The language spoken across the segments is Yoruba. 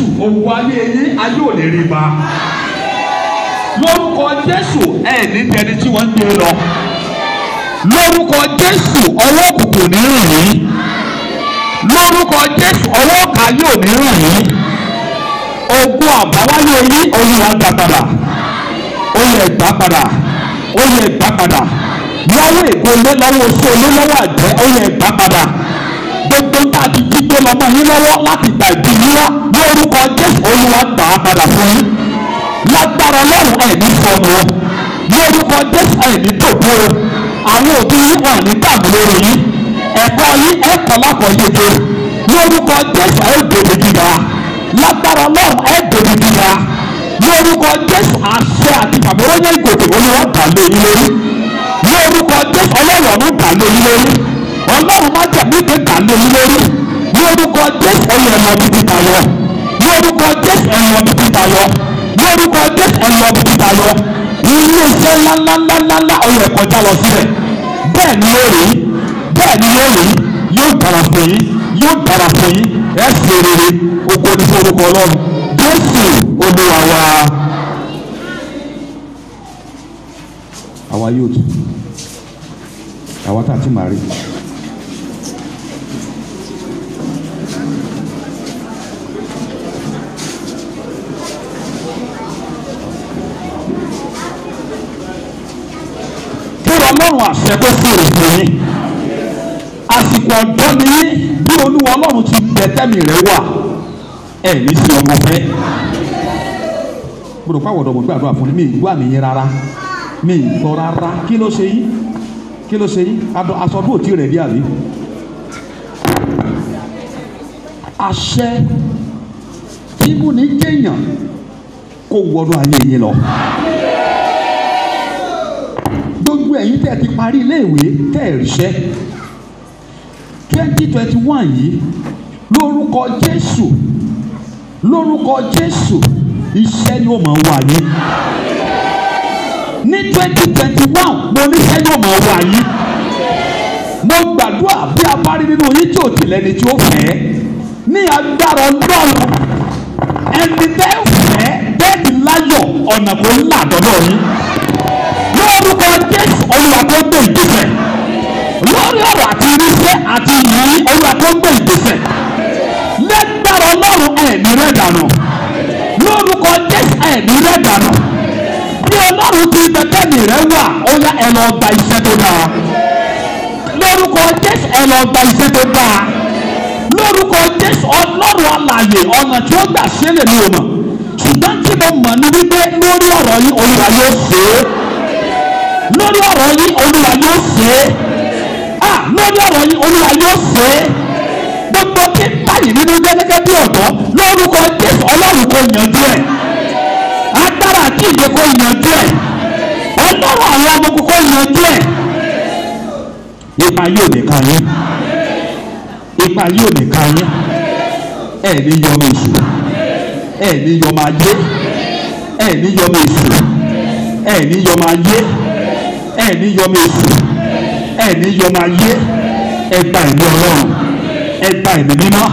tù owó ayé yín ayé ò lè rí ba lórúkọ jésù ẹ ní tẹni tí ń gbé lọ lórúkọ jésù ọwọ́ òkùnkùn ní ràn yín lórúkọ jésù ọwọ́ ọ̀ka yóò ní ràn yín ogun àbáwáyé yín olúwa gbà padà padà gbogbo tàbí gbígbé lọ́mọ yín lọ́wọ́ láti gbà ìdí yíra lórúkọ jésù olúwa gbà á padà fún yín lágbára lọ́rùn ẹ̀mí fọmọ lórúkọ jésù ẹ̀mí tòbó àwọn òbí yín wà ní dààmú lórí yín ẹ̀kọ́ yín ẹ̀kọ́ lápọ̀ yege lórúkọ jésù ẹ̀ẹ́dẹ̀dẹ̀ gíga lágbára lọ́rùn ẹ̀ẹ́dẹ̀dẹ̀ gíga lórúkọ jésù àṣẹ àti bàbá wọn ní ìgòkè olúwa gbà lé yín lórí lórúkọ jésù ọlọ́run ọ̀run gbà lé yín lórí ọlọ́run má jẹ̀bi ìgbéga lé lórí ní orúkọ jésù ẹ̀yọ̀ ẹ̀yọ̀ bíbí tayọ ní orúkọ jésù ẹ̀yọ̀ bíbí tayọ ní orúkọ jésù ẹ̀yọ̀ bíbí tayọ ilé iṣẹ́ ńláńláńláńlá ọ̀yọ̀ ẹ̀kọ́já lọ sílẹ̀ bẹ́ẹ̀ ni ó rí bẹ́ẹ̀ ni ó rí yóò dára fún yín yóò dára fún yín ẹ ṣe rere oko ní orúkọ ọlọ́run jésù olúwa wa. àwa yóò tún àwa tá a ti máa rí i. ọlọ́run àṣẹ tó bèrè fún yín àsìkò ọ̀dọ́ ni yín bí olúwa ọlọ́run ti tẹ̀tẹ́mì rẹ̀ wà ẹ̀ ní sí ọmọ fẹ́ gbọdọ̀ pàwọ̀ ọ̀dọ̀ mo gbàdúrà fún mi ìgbà mi yín rárá mi ìgbọ́ rárá kí ló ṣe yín kí ló ṣe yín aṣọ bó tí rẹ̀ dí àbí àṣẹ tí mo ní jẹ́yàn kó wọnú ayé yín lọ. Amen ẹ̀yin tẹ́ ẹ ti parí iléèwé tẹ́ ẹ ríṣẹ́ twenty twenty one yìí lórúkọ Jésù lórúkọ Jésù iṣẹ́ yóò máa wà yín ní twenty twenty one mo níṣẹ́ yóò máa wà yín mo gbàdúrà bí a bá rí nínú yín tí ò tilẹ̀ ni tí ó fẹ́ ní agbára ọlọ́run ẹni tẹ́ fẹ́ bẹ́ẹ̀ ni láyọ̀ ọ̀nà kò ń là dọ́dọ̀ yín olúwa kó gbé ìgbésẹ̀ lórí ọ̀rọ̀ àti irinṣẹ́ àti ìyí olúwa kó gbé ìgbésẹ̀ lẹ́gbẹ̀rẹ̀ ọlọ́run ẹ̀mí rẹ̀ dànù lórúkọ jésù ẹ̀mí rẹ̀ dànù bí ọlọ́run ti bẹ̀tẹ̀mì rẹ̀ wà ó yá ẹ lọ gba iṣẹ́ tó dáa lórúkọ jésù ẹ lọ gba iṣẹ́ tó dáa lórúkọ jésù ọlọ́run alààyè ọ̀nà tí ó gbà sílẹ̀ ní òmà ṣùgbọ́n tí mo mọ̀ ní wípé lórí ọ̀rọ̀ yìí olúwa yóò ṣe é lórí ọ̀rọ̀ yín olúwa yóò ṣe é lórí ọ̀rọ̀ yín olúwa yóò ṣe é gbogbo tí ń báyìí nínú ilé gẹ́gẹ́ bí ọ̀dọ́ lórúkọ jésù ọlọ́run kò yanjú ẹ̀ agbára àti ìdè kò yanjú ẹ̀ ọlọ́run àwọn ọmọkùn kò yanjú ẹ̀ ipa yóò nìkan yín ipa yóò nìkan yín ẹ̀ ní yọmọ èṣù ẹ̀ ní yọmọ ajé ẹ̀ ní yọmọ èṣù ẹ̀ ní yọmọ ajé ẹ̀ ní yọmọ èkó ẹ̀ ní yọmọ ayé ẹ gba ẹ̀mí ọlọ́run ẹ gba ẹ̀mí mímọ́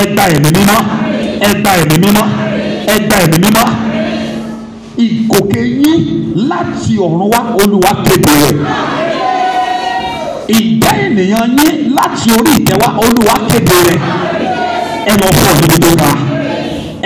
ẹ gba ẹ̀mí mímọ́ ẹ gba ẹ̀mí mímọ́ ẹ gba ẹ̀mí mímọ́ ìgòkè yín láti ọ̀run wá olúwa kéde rẹ̀ ìgbà ènìyàn yín láti orí ìtẹ́ wá olúwa kéde rẹ̀ ẹ lọ fún ọ̀dọ́ tó dáa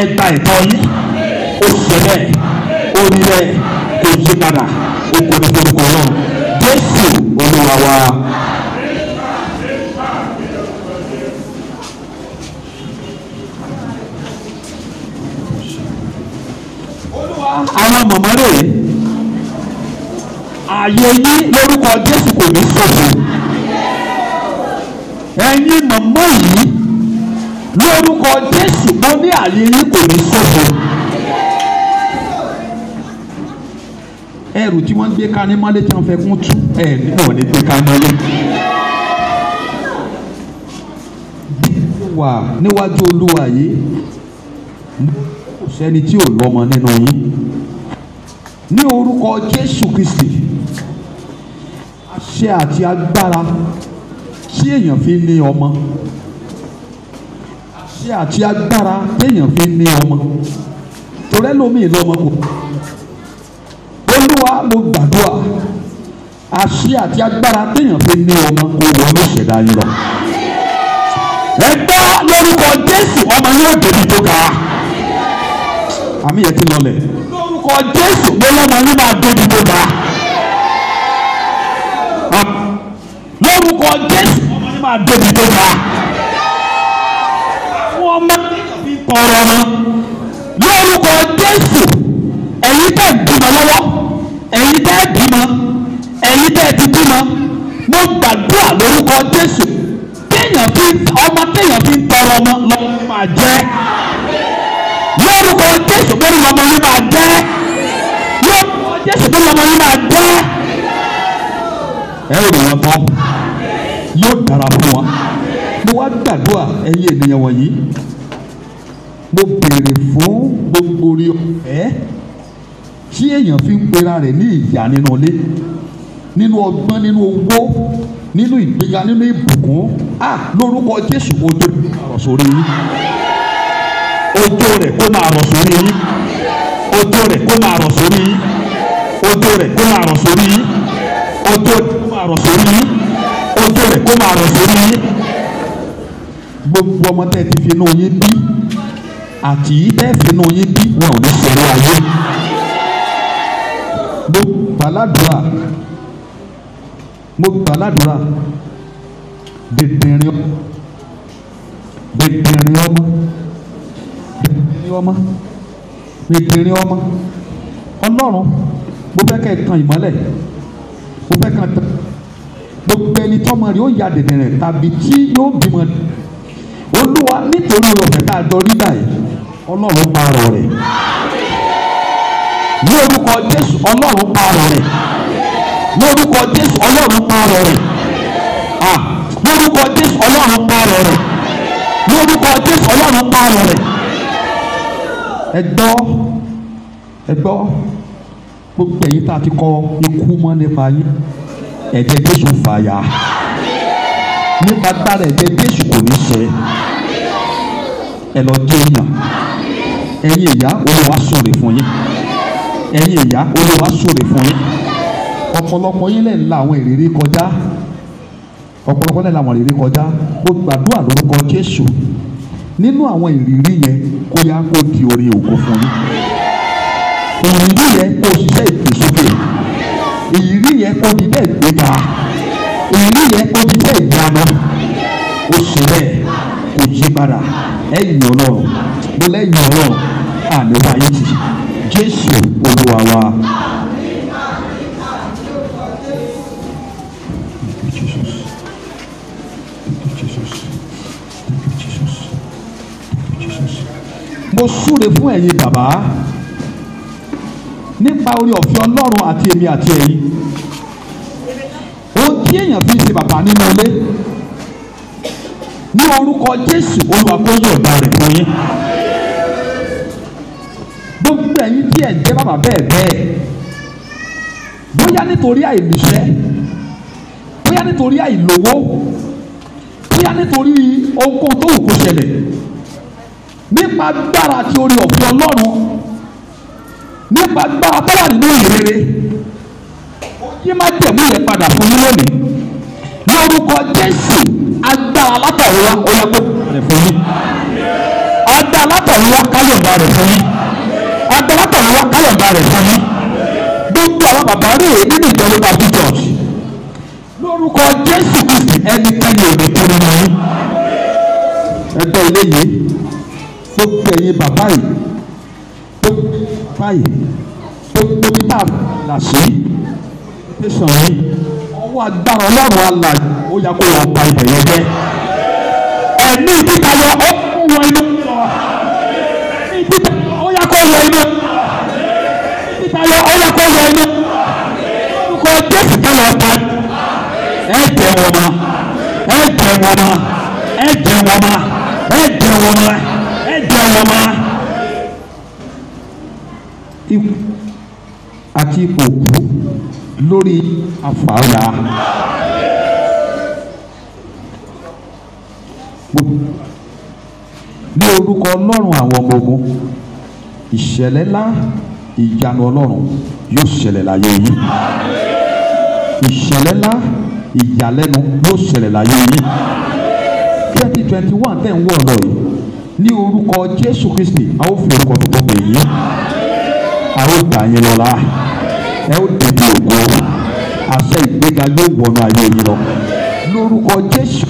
ẹ gba ẹ̀tọ́ yín ó ṣẹlẹ̀ ó rí bẹ́ẹ̀ yí padà ó kọ ní orúkọ náà jésù olúwa wa. àwọn mọ̀mọ́ rèé ààyè yín lórúkọ jésù kò ní ṣòfò ẹ̀yin mọ̀mọ́ yìí lórúkọ jésù ó ní ààyè yín kò ní ṣòfò. ẹrù tí wọ́n gbé ká ní mọ́lé tí wọ́n fẹ́ kún tú ẹ̀ nínú wọn ní gbé ká mọ́lé. wà níwájú olúwa yìí kò sẹ́ni tí ò lọ́mọ nínú yín ní orúkọ Jésù Kristi àṣẹ àti agbára tí èèyàn fi ní ọmọ àṣẹ àti agbára tí èèyàn fi ní ọmọ torẹ́lómi ìlú ọmọ kò mo gbàdúrà àṣì àti agbára téèyàn fi ní ọmọ kò wọnú ìṣẹ̀dá yín lọ. ẹ gbọ́ lórúkọ jésù ọmọ yóò débi tó ga àmì yẹn ti lọlẹ̀ lórúkọ jésù pé lọ́mọ yín máa débi tó ga lórúkọ jésù ọmọ yín máa débi tó ga àwọn ọmọ fi tọrọ wọn lórúkọ jésù ẹ̀yin tẹ̀ bímọ lọ́wọ́ ẹ̀yin tẹ́ bímọ ẹ̀yin tẹ́ ti bímọ mo gbàdúrà lórúkọ Jésù téèyàn fi ọmọ téèyàn fi ń tọrọ ọmọ lọ́wọ́ máa jẹ́ lórúkọ Jésù pé lọ́mọ yín máa jẹ́ lórúkọ Jésù pé lọ́mọ yín máa jẹ́ ẹ ò ní wọn kọ́ yóò dára fún wa mo wá gbàdúrà ẹ̀yin ènìyàn wọ̀nyí mo béèrè fún gbogbo orí ọ̀fẹ́. Eh? tí èèyàn fi ń pera rẹ̀ ní ìyá nínú ilé nínú ọgbọ́n nínú owó nínú ìgbéga nínú ìbùkún à lórúkọ Jésù ojú rẹ̀ kó máa rọ̀ sórí yín ojú rẹ̀ kó máa rọ̀ sórí yín ojú rẹ̀ kó máa rọ̀ sórí yín ojú rẹ̀ kó máa rọ̀ sórí yín ojú rẹ̀ kó máa rọ̀ sórí yín ojú rẹ̀ kó máa rọ̀ sórí yín gbogbo ọmọ tẹ́ ti fi inú yín bí àti tẹ́ fi inú yín bí wọn ò ní sọ̀rọ̀ ayé mo gbàládùra mo gbàládùra dèdèrè ọmọ dèdèrè ọmọ dèdèrè ọmọ dèdèrè ọmọ ọlọ́run mo fẹ́ kẹ́ ẹ tan mo fẹ́ kẹ́ ẹ gbogbo ẹni tọ́mọ rẹ̀ ó ya dèdèrè tàbí tí yóò bímọ olúwa nítorí ọ̀fẹ́ tá a jọ rí báyìí ọlọ́run pààrọ̀ rẹ̀ ní orúkọ jésù ọlọ́run pa ọ̀rọ̀ rẹ̀ ní orúkọ jésù ọlọ́run pa ọ̀rọ̀ rẹ̀ ní orúkọ jésù ọlọ́run pa ọ̀rọ̀ rẹ̀ ní orúkọ jésù ọlọ́run pa ọ̀rọ̀ rẹ̀ ẹ gbọ́ ẹ gbọ́ gbogbo ẹ̀yin tá a ti kọ ikú mọ́ nípa yín ẹ̀jẹ̀ jésù fàyà nípa gbára ẹ̀jẹ̀ jésù kò ní ṣe ẹ lọ dé èèyàn ẹ̀yin ìyá olùwàsóore fún yín ẹ̀yin ìyá olúwa súre fún yín ọ̀pọ̀lọpọ̀ yín lẹ̀ ń la àwọn ìrírí kọjá ọ̀pọ̀lọpọ̀ lẹ̀ ń la àwọn ìrírí kọjá ó gbàdúrà lórúkọ Jésù nínú àwọn ìrírí yẹn kó yá kó di orin ògo fún yín ìrírí yẹn kó ṣiṣẹ́ ìgbésókè ìrírí yẹn kó di bẹ́ẹ̀ gbéga ìrírí yẹn kó di bẹ́ẹ̀ ìyanu ó ṣe bẹ́ẹ̀ kò yí padà ẹ̀yìn ọlọ́run mo lẹ́yìn ọlọ́run àmì wáyé ti jésù olúwa wa. mo súre fún ẹ̀yin bàbá nípa orí ọ̀fẹ́ ọlọ́run àti èmi àti ẹ̀yin ohun tí èèyàn fi ṣe bàbá nínú ilé ní orúkọ jésù olúwa kó yọ̀ọ̀da rẹ̀ fún yín. dẹ̀ jẹ́ bàbá bẹ́ẹ̀ bẹ́ẹ̀ bóyá nítorí àìlùsẹ́ bóyá nítorí àìlówó bóyá nítorí ohunkóhun tó wù kó ṣẹlẹ̀ nípa agbára àti orí ọ̀fẹ́ ọlọ́run nípa agbára tó wà nínú ìrere yí má tẹ̀mú yẹn padà fún yín lónìí lórúkọ jésù agbára látàrí wa ó yẹ kó rẹ̀ fún yín agbára látàrí wa ká lè bá rẹ̀ fún yín agbára pẹ̀lú wa káyọ̀dá rẹ̀ fún yín gbogbo àwọn bàbá rè é nínú ìjọ Yorùbá píjọ lórúkọ Jésù Kristi ẹnikẹ́ni ò ní tó nínú yín ẹgbẹ́ ilé yìí gbogbo ẹ̀yin bàbá yìí gbogbo yìí gbogbo bí tá a là sí tẹsán yìí ọwọ́ agbára Ọlọ́run alàyè ó yà kó wọ́n pa ibẹ̀ yẹn jẹ́ ẹ̀mí ìdíkayọ ó mú wọn inú wọn ma ẹ jẹ wọn ma ẹ jẹ wọn ma ẹ jẹ wọn ma. ikú àti ipò òkú lórí àfàrà ní orúkọ ọlọ́run àwọn ọmọ ogun ìṣẹ̀lẹ̀ ńlá ìyanu ọlọ́run yóò ṣẹlẹ̀ láyé yìí ìṣẹ̀lẹ̀ ńlá ìyàlẹ́nu yóò ṣẹlẹ̀ láyé yín twenty twenty one tẹ̀ ń wọ̀ lọ yìí ní orúkọ Jésù Kristi a ó fi orúkọ tuntun pè yín a ó dà yín lọ́lá ẹ ó dèbí ògo àṣẹ ìgbéga yóò wọnú ayé yín lọ lórúkọ Jésù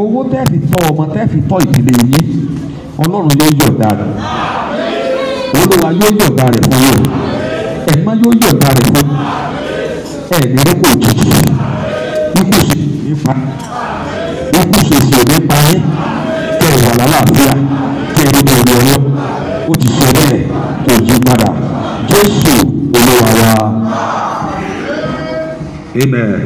owó tẹ́ fi tọ́ ọmọ tẹ́ fi tọ́ ìdílé yín Ọlọ́run yóò yọ̀ǹda rẹ̀ Olúwa yóò yọ̀ǹda rẹ̀ fún yín ẹ̀mọ́ yóò yọ̀ǹda rẹ̀ fún yín ẹ̀mí kò tutù ikú sì nípa ikú sì sì nípa yín kẹ ẹ̀ wà lálàáfíà kẹ ẹ̀ lójú ọ̀rẹ́ ọ̀rọ̀ ó ti ṣe bẹ́ẹ̀ kò yí padà Jésù Olúwa wa. Amen.